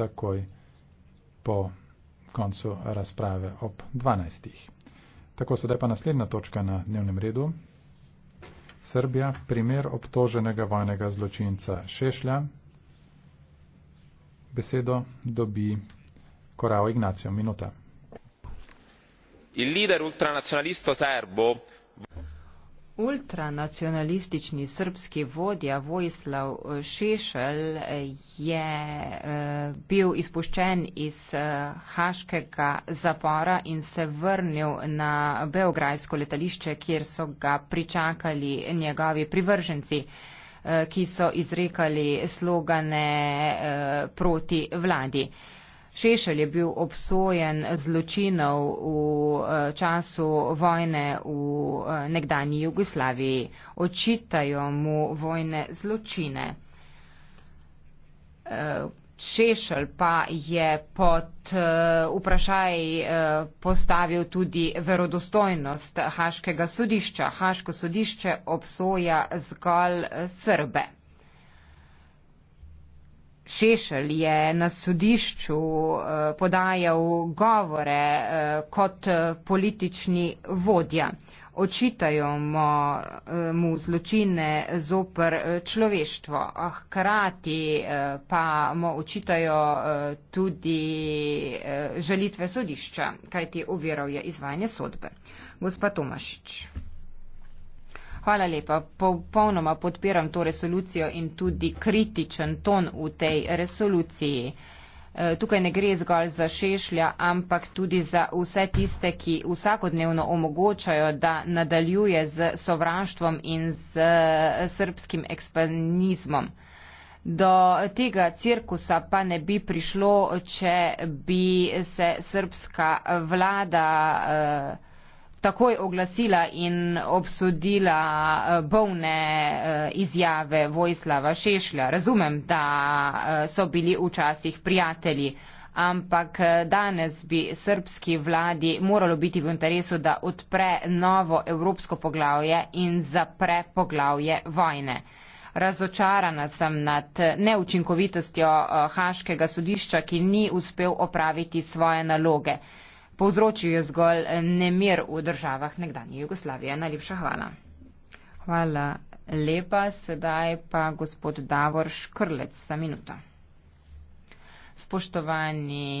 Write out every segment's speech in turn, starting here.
takoj po koncu razprave ob 12. Tako sedaj pa naslednja točka na dnevnem redu. Srbija, primer obtoženega vojnega zločinca Šešlja. Besedo dobi Korao Ignacio. Minuta. Il leader ultranacionalisto serbo. Ultranacionalistični srbski vodja Vojislav Šešelj je eh, bil izpuščen iz Haškega eh, zapora in se vrnil na Beograjsko letališče, kjer so ga pričakali njegovi privrženci, eh, ki so izrekali slogane proti vladi. Šešelj je bil obsojen zločinov v eh, času vojne v eh, nekdani Jugoslaviji. Očitajo mu vojne zločine. Eh, Šešelj pa je pod vprašaj postavil tudi verodostojnost Haškega sodišča. Haško sodišče obsoja zgolj Srbe. Šešelj je na sodišču eh, podajal govore eh, kot eh, politični vodja. Očitajo mu zločine zoper človeštvo, a hkrati pa mu očitajo tudi želitve sodišča, kajti uviral je izvajanje sodbe. Gospa Tomašič. Hvala lepa. Popolnoma podpiram to resolucijo in tudi kritičen ton v tej resoluciji. E, tukaj ne gre zgolj za šešlja, ampak tudi za vse tiste, ki vsakodnevno omogočajo, da nadaljuje z sovraštvom in z e, srpskim ekspanizmom. Do tega cirkusa pa ne bi prišlo, če bi se srpska vlada. Eh, takoj oglasila in obsodila eh, bolne eh, izjave Vojslava Šešlja. Razumem, da eh, so bili včasih prijatelji, ampak danes bi srbski vladi moralo biti v interesu, da odpre novo evropsko poglavje in zapre poglavje vojne. Razočarana sem nad neučinkovitostjo Haškega sodišča, ki ni uspel opraviti svoje naloge povzročil je zgolj eh, nemir v državah nekdanje Jugoslavije. Najlepša hvala. Hvala lepa, sedaj pa gospod Davor Škrlec za minuto. Spoštovani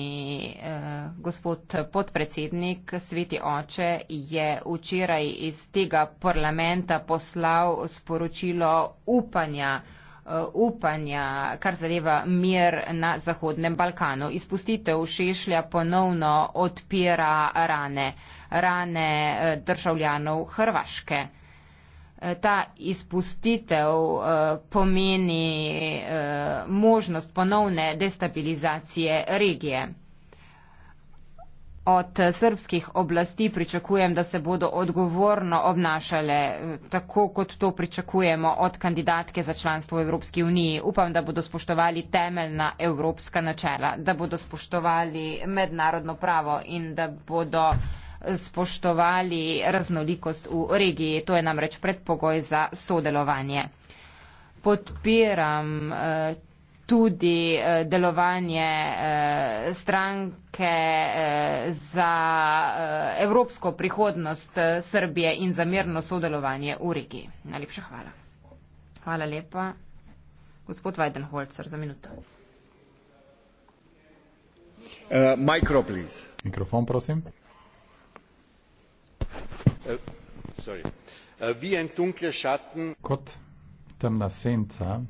eh, gospod podpredsednik, sveti oče je včeraj iz tega parlamenta poslal sporočilo upanja. Eh, upanja, kar zadeva mir na Zahodnem Balkanu. Izpustitev Šešlja ponovno odpira rane, rane eh, državljanov Hrvaške. Eh, ta izpustitev pomeni možnost ponovne destabilizacije regije od srpskih oblasti pričakujem, da se bodo odgovorno obnašale, eh, tako kot to pričakujemo od kandidatke za članstvo v Evropski uniji. Upam, da bodo spoštovali temeljna evropska načela, da bodo spoštovali mednarodno pravo in da bodo spoštovali raznolikost v regiji. To je namreč predpogoj za sodelovanje. Podpiram eh, tudi eh, delovanje eh, stranke eh, za evropsko prihodnost Srbije in za mirno sodelovanje v regiji. Najlepša hvala. Hvala lepa. Gospod Weidenholzer, za minuto. Uh, micro, Mikrofon, prosim. Uh, uh, kot temna senca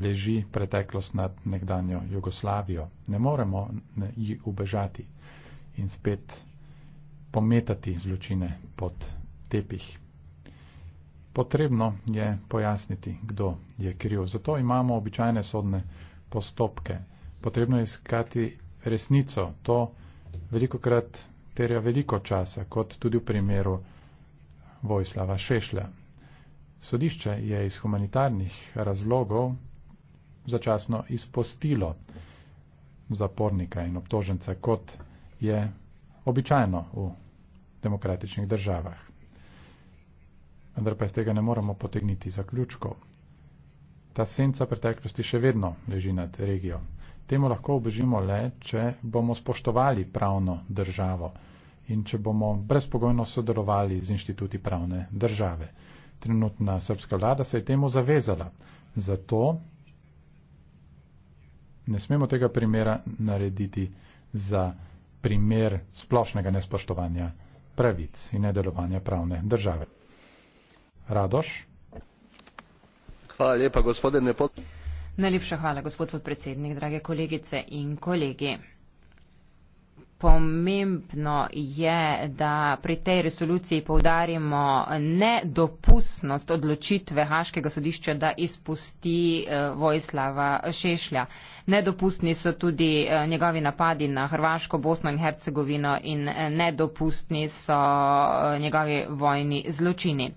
leži preteklost nad nekdanjo Jugoslavijo. Ne moremo ji ubežati in spet pometati zločine pod tepih. Potrebno je pojasniti, kdo je kriv. Zato imamo običajne sodne postopke. Potrebno je iskati resnico. To veliko krat terja veliko časa, kot tudi v primeru Vojslava Šešlja. Sodišče je iz humanitarnih razlogov začasno izpostilo zapornika in obtoženca, kot je običajno v demokratičnih državah. Vendar pa iz tega ne moremo potegniti zaključkov. Ta senca preteklosti še vedno leži nad regijo. Temu lahko obežimo le, če bomo spoštovali pravno državo in če bomo brezpogojno sodelovali z inštituti pravne države. Trenutna srpska vlada se je temu zavezala. Zato ne smemo tega primera narediti za primer splošnega nespoštovanja pravic in nedelovanja pravne države. Radoš. Hvala lepa, gospod Nepot. Najlepša hvala, gospod podpredsednik, drage kolegice in kolegi pomembno je, da pri tej resoluciji povdarimo nedopustnost odločitve Haškega sodišča, da izpusti eh, Vojslava Šešlja. Nedopustni so tudi eh, njegovi napadi na Hrvaško, Bosno in Hercegovino in eh, nedopustni so njegovi vojni zločini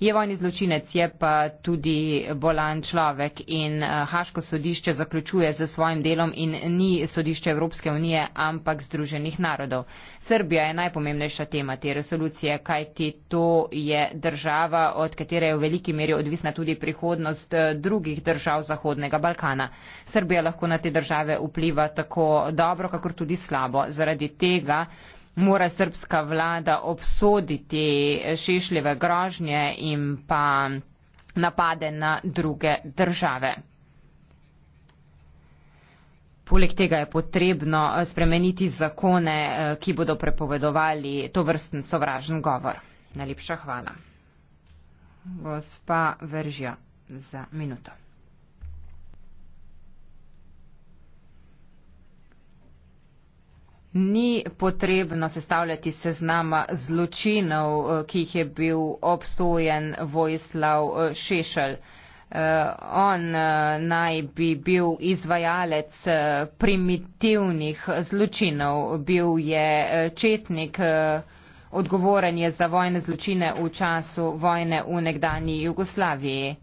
je vojni zločinec, je pa tudi bolan človek in Haško eh, sodišče zaključuje z svojim delom in ni sodišče Evropske unije, ampak Združenih narodov. Srbija je najpomembnejša tema te resolucije, kajti to je država, od katere je v veliki meri odvisna tudi prihodnost eh, drugih držav Zahodnega Balkana. Srbija lahko na te države vpliva tako dobro, kakor tudi slabo. Zaradi tega mora srpska vlada obsoditi šešljive grožnje in pa napade na druge države. Poleg tega je potrebno eh, spremeniti zakone, eh, ki bodo prepovedovali to vrsten sovražen govor. Najlepša hvala. Gospa Veržja za minuto. ni potrebno sestavljati seznama zločinov, eh, ki jih je bil obsojen Vojislav eh, Šešel. Eh, on naj bi bil izvajalec primitivnih zločinov, bil je četnik, odgovoren je za vojne zločine v času vojne v nekdani Jugoslaviji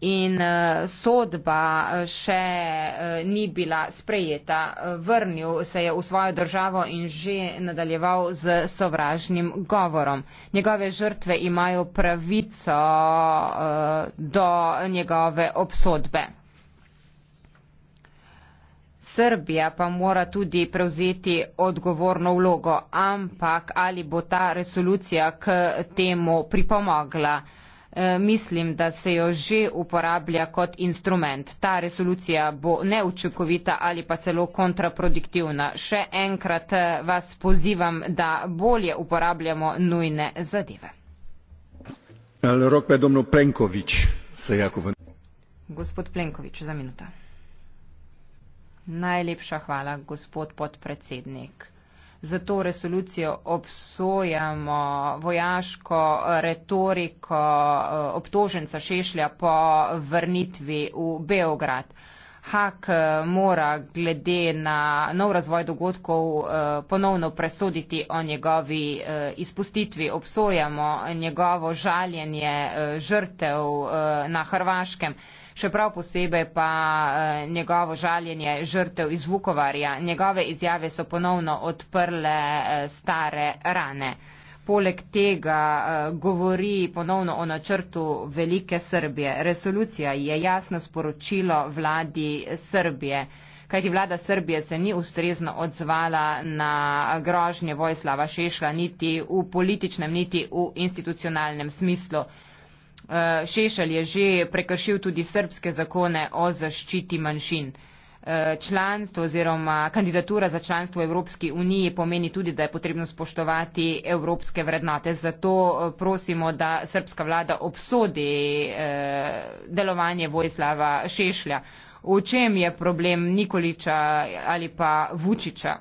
in eh, sodba eh, še eh, ni bila sprejeta. Vrnil se je v svojo državo in že nadaljeval z sovražnim govorom. Njegove žrtve imajo pravico do njegove obsodbe. Srbija pa mora tudi prevzeti odgovorno vlogo, ampak ali bo ta resolucija k temu pripomogla? Uh, Eh, mislim, da se jo že uporablja kot instrument. Ta resolucija bo neučinkovita ali pa celo kontraproduktivna. Še enkrat eh, vas pozivam, da bolje uporabljamo nujne zadeve. Gospod Plenkovič, za minuto. Najlepša hvala, gospod podpredsednik zato resolucijo obsojamo vojaško retoriko eh, obtoženca Šešlja po vrnitvi v Beograd. Hak eh, mora glede na nov razvoj dogodkov eh, ponovno presuditi o njegovi izpustitvi. Obsojamo njegovo žaljenje žrtev na Hrvaškem še prav posebej pa eh, njegovo žaljenje žrtev iz Vukovarja. Njegove izjave so ponovno odprle eh, stare rane. Poleg tega eh, govori ponovno o načrtu Velike Srbije. Resolucija je jasno sporočilo vladi Srbije. Kajti vlada Srbije se ni ustrezno odzvala na grožnje Vojslava Šešla niti v političnem, niti v institucionalnem smislu. Eh, Šešelj je že prekršil tudi srpske zakone o zaščiti manjšin. Eh, članstvo oziroma kandidatura za članstvo Evropski uniji pomeni tudi, da je potrebno spoštovati evropske vrednote. Zato eh, prosimo, da srpska vlada obsodi delovanje Vojslava Šešlja. V čem je problem Nikoliča ali pa Vučiča?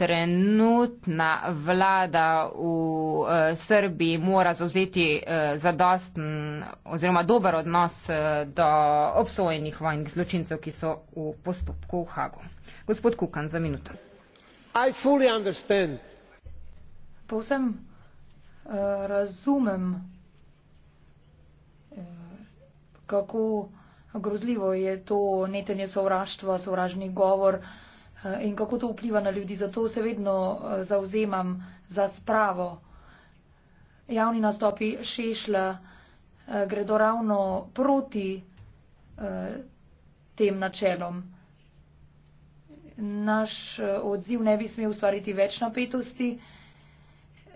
trenutna vlada v uh, Srbiji mora zauzeti uh, eh, zadosten oziroma dober odnos uh, do obsojenih vojnih zločincev, ki so v postopku v Hagu. Gospod Kukan, za minuto. Povsem uh, razumem, uh, kako grozljivo je to netenje sovraštva, sovražni govor. Uh, Eh, in kako to vpliva na ljudi. Zato se vedno eh, zauzemam za spravo. Javni nastopi šešla eh, gredo ravno proti tem načelom. Naš odziv ne bi smel ustvariti več napetosti,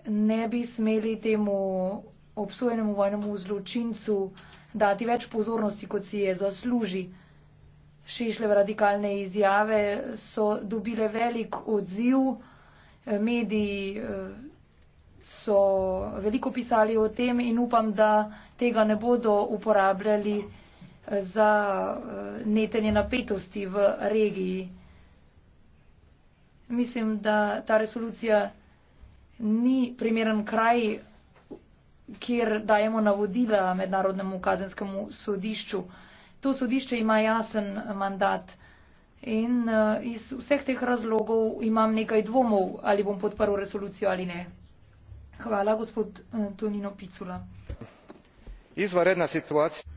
ne bi smeli temu obsojenemu vojnemu zločincu dati več pozornosti, kot si je zaslužil. Šešljeve radikalne izjave so dobile velik odziv, mediji eh, so veliko pisali o tem in upam, da tega ne bodo uporabljali eh, za eh, netenje napetosti v regiji. Mislim, da ta resolucija ni primeren kraj, kjer dajemo navodila mednarodnemu kazenskemu sodišču. To sodišče ima jasen mandat. In uh, iz vseh teh razlogov imam nekaj dvomov, ali bom podprl resolucijo ali ne. Hvala, gospod uh, Tonino Picula. Izvaredna situacija.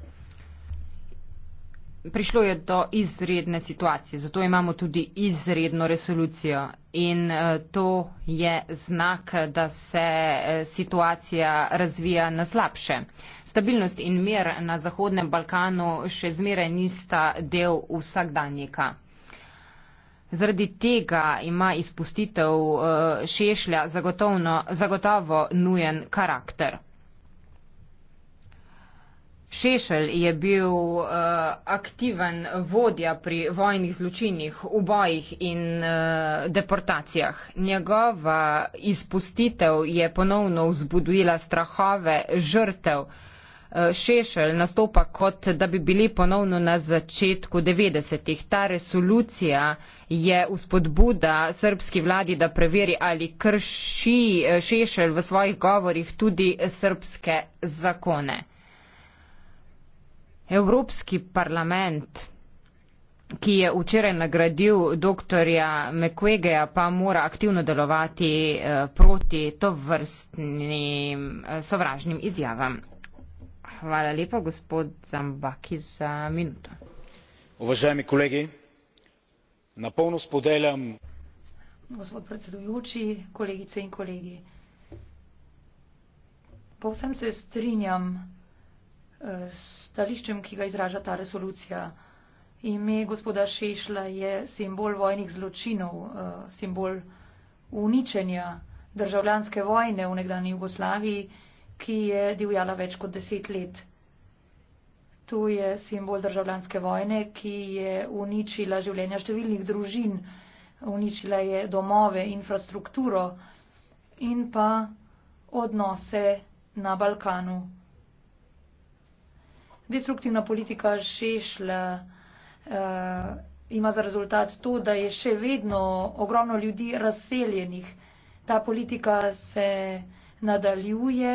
Prišlo je do izredne situacije, zato imamo tudi izredno resolucijo. In uh, to je znak, da se uh, situacija razvija na slabše. Uh, Stabilnost in mir na Zahodnem Balkanu še zmeraj nista del vsakdanjika. Zaradi tega ima izpustitev eh, šešlja zagotovo nujen karakter. Šešelj je bil uh, aktiven vodja pri vojnih zločinih, ubojih in uh, deportacijah. Njegova izpustitev je ponovno vzbudila strahove žrtev uh, Eh, Šešelj nastopa kot, da bi bili ponovno na začetku 90-ih. Ta resolucija je uspodbuda srpski vladi, da preveri, ali krši eh, Šešelj v svojih govorih tudi srpske zakone. Evropski parlament ki je včeraj nagradil dr. Mekwegeja, pa mora aktivno delovati eh, proti to vrstnim sovražnim izjavam. Hvala lepa, gospod Zambaki, za minuto. Uvaženi kolegi, na polno spodeljam. Gospod predsedujoči, kolegice in kolegi. Povsem se strinjam eh, s stališčem, ki ga izraža ta resolucija. Ime gospoda Šešla je simbol vojnih zločinov, eh, simbol uničenja državljanske vojne v nekdani Jugoslaviji ki je divjala več kot deset let. To je simbol državljanske vojne, ki je uničila življenja številnih družin, uničila je domove, infrastrukturo in pa odnose na Balkanu. Destruktivna politika Šešla uh, eh, ima za rezultat to, da je še vedno ogromno ljudi razseljenih. Ta politika se nadaljuje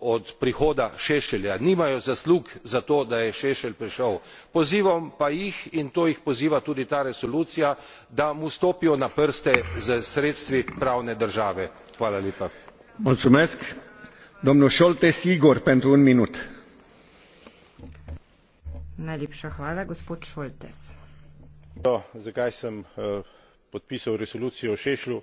od prihoda šešelja nimajo zaslug za to da je šešelj prišel pozivam pa jih in to jih poziva tudi ta resolucija da mu stopijo na prste s sredstvi pravne države. zakaj sem eh, podpisal resolucijo o šešlju?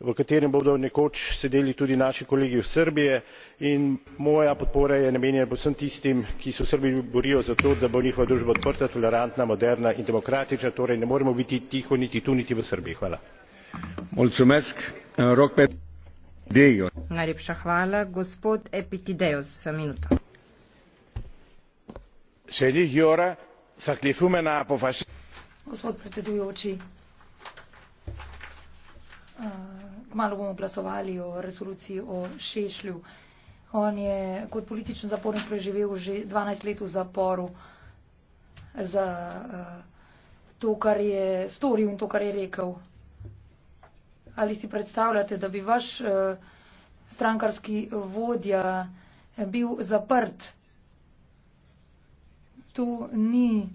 v katerem bodo nekoč sedeli tudi naši kolegi iz srbije in moja podpora je namenjena predvsem tistim ki se v srbiji borijo za to da bo njihova družba odprta tolerantna moderna in demokratična torej ne moremo biti tiho niti tu niti v srbiji malo bomo glasovali o resoluciji o Šešlju. On je kot politični zapornik preživel že 12 let v zaporu za uh, to, kar je storil in to, kar je rekel. Ali si predstavljate, da bi vaš uh, strankarski vodja bil zaprt? To ni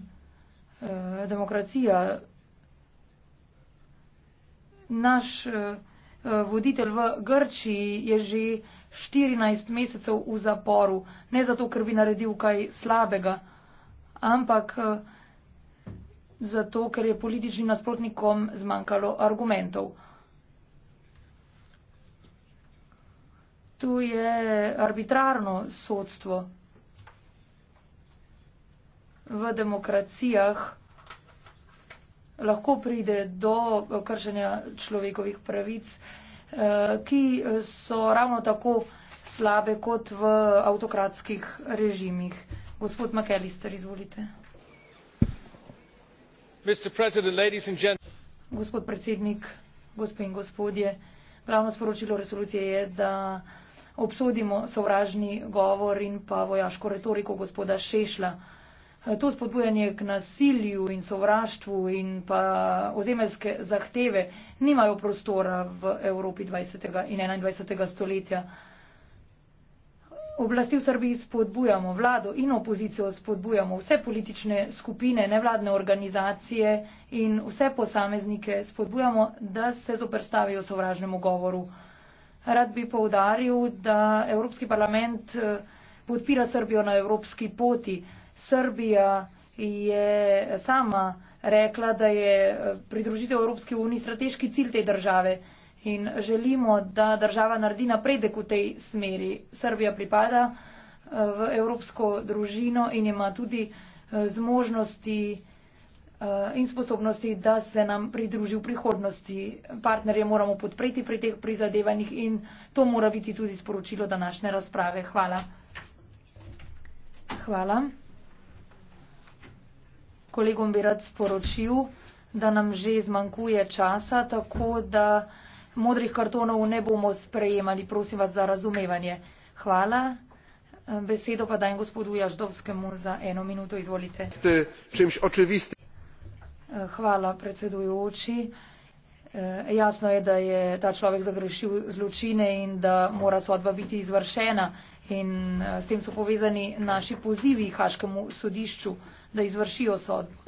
uh, demokracija. Naš uh, Eh, voditelj v Grčiji je že 14 mesecev v zaporu. Ne zato, ker bi naredil kaj slabega, ampak eh, zato, ker je političnim nasprotnikom zmanjkalo argumentov. Tu je arbitrarno sodstvo. V demokracijah lahko pride do kršenja človekovih pravic, eh, ki so ravno tako slabe kot v avtokratskih režimih. Gospod McAllister, izvolite. Gospod predsednik, gospe in gospodje, glavno sporočilo resolucije je, da obsodimo sovražni govor in pa vojaško retoriko gospoda Šešla. Eh, to spodbujanje k nasilju in sovraštvu in pa ozemeljske zahteve nimajo prostora v Evropi 20. in 21. stoletja. Oblasti v Srbiji spodbujamo, vlado in opozicijo spodbujamo, vse politične skupine, nevladne organizacije in vse posameznike spodbujamo, da se zoprstavijo sovražnemu govoru. Rad bi poudaril, da Evropski parlament eh, podpira Srbijo na evropski poti. Srbija je sama rekla, da je eh, pridružitev Evropske unije strateški cilj te države in želimo, da država naredi napredek v tej smeri. Srbija pripada eh, v evropsko družino in ima tudi eh, zmožnosti in sposobnosti, da se nam pridruži v prihodnosti. Partnerje moramo podpreti pri teh prizadevanjih in to mora biti tudi sporočilo današnje razprave. Hvala. Hvala kolegom bi rad sporočil, da nam že zmanjkuje časa, tako da modrih kartonov ne bomo sprejemali. Prosim vas za razumevanje. Hvala. Besedo pa dajem gospodu Jaždovskemu za eno minuto. Izvolite. Hvala, predsedujoči. Eh, jasno je, da je ta človek zagrešil zločine in da mora sodba biti izvršena. In eh, s tem so povezani naši pozivi Haškemu sodišču da izvršijo sodbo.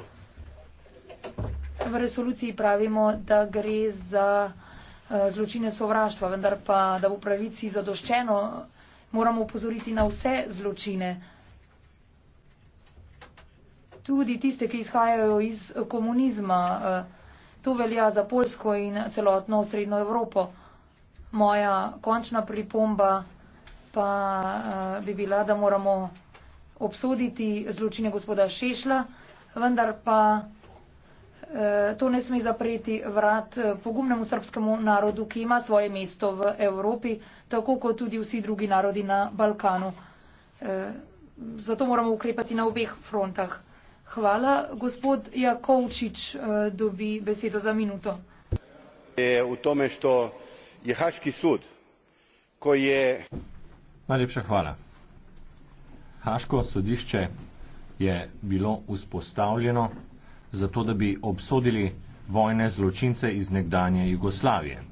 V resoluciji pravimo, da gre za eh, zločine sovraštva, vendar pa, da v pravici zadoščeno moramo upozoriti na vse zločine. Tudi tiste, ki izhajajo iz komunizma, eh, to velja za Polsko in celotno srednjo Evropo. Moja končna pripomba pa eh, bi bila, da moramo obsoditi zločine gospoda Šešla, vendar pa eh, to ne sme zapreti vrat eh, pogumnemu srpskemu narodu, ki ima svoje mesto v Evropi, tako kot tudi vsi drugi narodi na Balkanu. Eh, zato moramo ukrepati na obeh frontah. Hvala. Gospod Jakovčič dobi besedo za minuto. Je v tome, što je Haški sud, ko je. Najlepša hvala. Haško sodišče je bilo vzpostavljeno zato, da bi obsodili vojne zločince iz nekdanje Jugoslavije.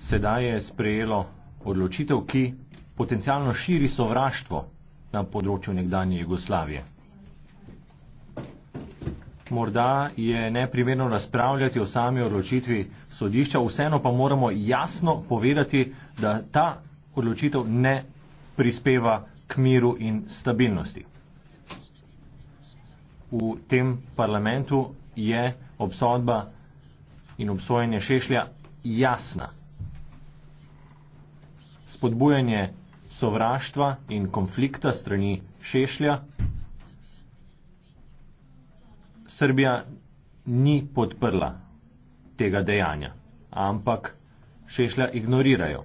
Sedaj je sprejelo odločitev, ki potencialno širi sovraštvo na področju nekdanje Jugoslavije. Morda je neprimerno razpravljati o sami odločitvi sodišča, vseeno pa moramo jasno povedati, da ta odločitev ne prispeva k miru in stabilnosti. V tem parlamentu je obsodba in obsojenje Šešlja jasna. Spodbujanje sovraštva in konflikta strani Šešlja Srbija ni podprla tega dejanja, ampak Šešlja ignorirajo.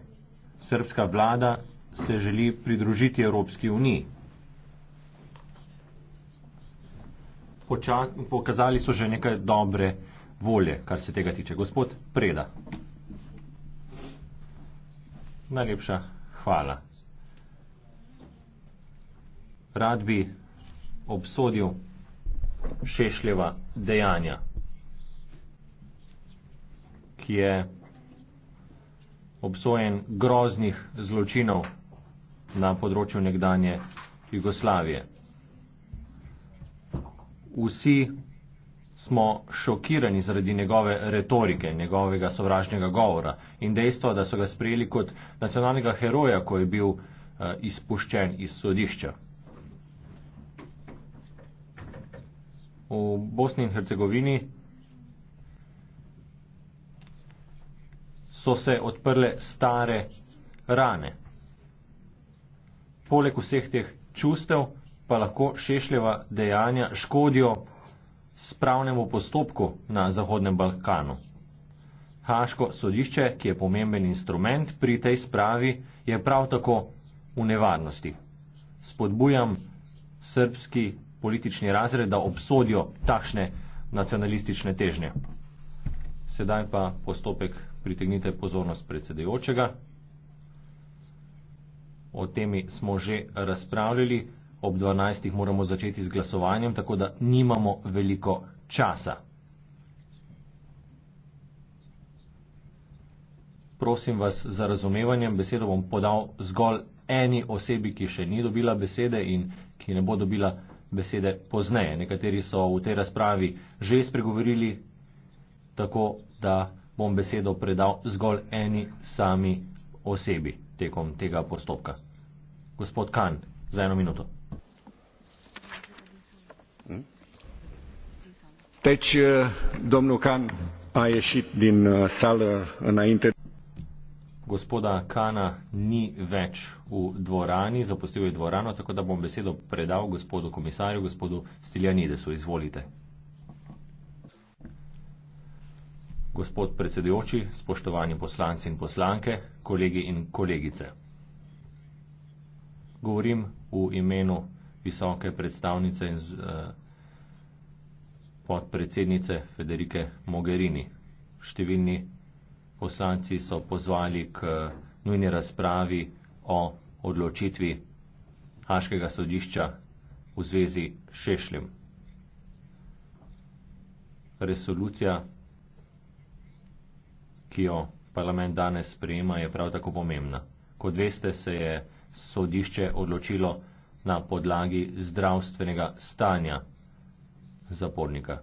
Srbska vlada se želi pridružiti Evropski uniji. Poča, pokazali so že nekaj dobre volje, kar se tega tiče. Gospod Preda. Najlepša hvala. Rad bi obsodil šešljeva dejanja, ki je obsojen groznih zločinov na področju nekdanje Jugoslavije. Vsi smo šokirani zaradi njegove retorike, njegovega sovražnega govora in dejstva, da so ga sprejeli kot nacionalnega heroja, ko je bil eh, izpuščen iz sodišča. V Bosni in Hercegovini so se odprle stare rane poleg vseh teh čustev pa lahko šešljeva dejanja škodijo spravnemu postopku na Zahodnem Balkanu. Haško sodišče, ki je pomemben instrument pri tej spravi, je prav tako v nevarnosti. Spodbujam srbski politični razred, da obsodijo takšne nacionalistične težnje. Sedaj pa postopek pritegnite pozornost predsedujočega o tem smo že razpravljali, ob 12. moramo začeti z glasovanjem, tako da nimamo veliko časa. Prosim vas za razumevanje, besedo bom podal zgolj eni osebi, ki še ni dobila besede in ki ne bo dobila besede pozneje. Nekateri so v tej razpravi že spregovorili, tako da bom besedo predal zgolj eni sami osebi tekom tega postopka. Gospod Kan, za eno minuto. Hm? Teč, eh, domnul Kan, a je šit din eh, sal na internet. Gospoda Kana ni več v dvorani, zapustil je dvorano, tako da bom besedo predal gospodu komisarju, gospodu Stiljanidesu. Izvolite. gospod predsedujoči, spoštovani poslanci in poslanke, kolegi in kolegice. Govorim v imenu visoke predstavnice in eh, podpredsednice Federike Mogherini. Številni poslanci so pozvali k eh, nujni razpravi o odločitvi Haškega sodišča v zvezi s Šešljem. Resolucija ki jo parlament danes sprejema, je prav tako pomembna. Kot veste, se je sodišče odločilo na podlagi zdravstvenega stanja zapornika.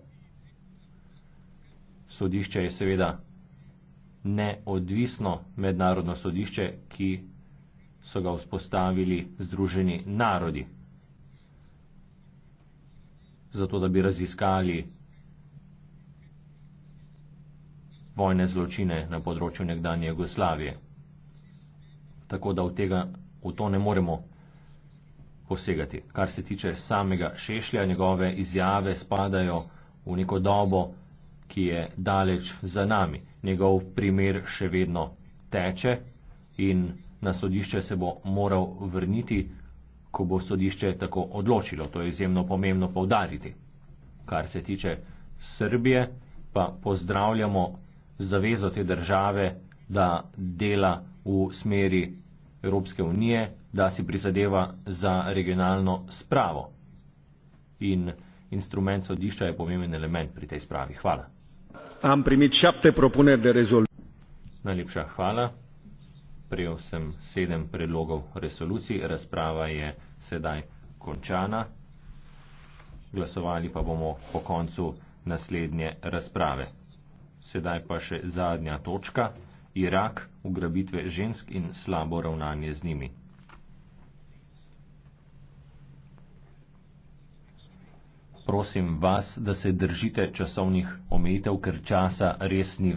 Sodišče je seveda neodvisno mednarodno sodišče, ki so ga vzpostavili Združeni narodi, zato da bi raziskali vojne zločine na področju nekdanje Jugoslavije. Tako da v, tega, v to ne moremo posegati. Kar se tiče samega Šešlja, njegove izjave spadajo v neko dobo, ki je daleč za nami. Njegov primer še vedno teče in na sodišče se bo moral vrniti, ko bo sodišče tako odločilo. To je izjemno pomembno povdariti. Kar se tiče Srbije, pa pozdravljamo zavezo te države, da dela v smeri Evropske unije, da si prizadeva za regionalno spravo. In instrument sodišča je pomemben element pri tej spravi. Hvala. Najlepša hvala. Prijel sem sedem predlogov resolucij. Razprava je sedaj končana. Glasovali pa bomo po koncu naslednje razprave. Sedaj pa še zadnja točka - Irak, ugrabitve žensk in slabo ravnanje z njimi. Prosim vas, da se držite časovnih omejitev, ker časa res ni več.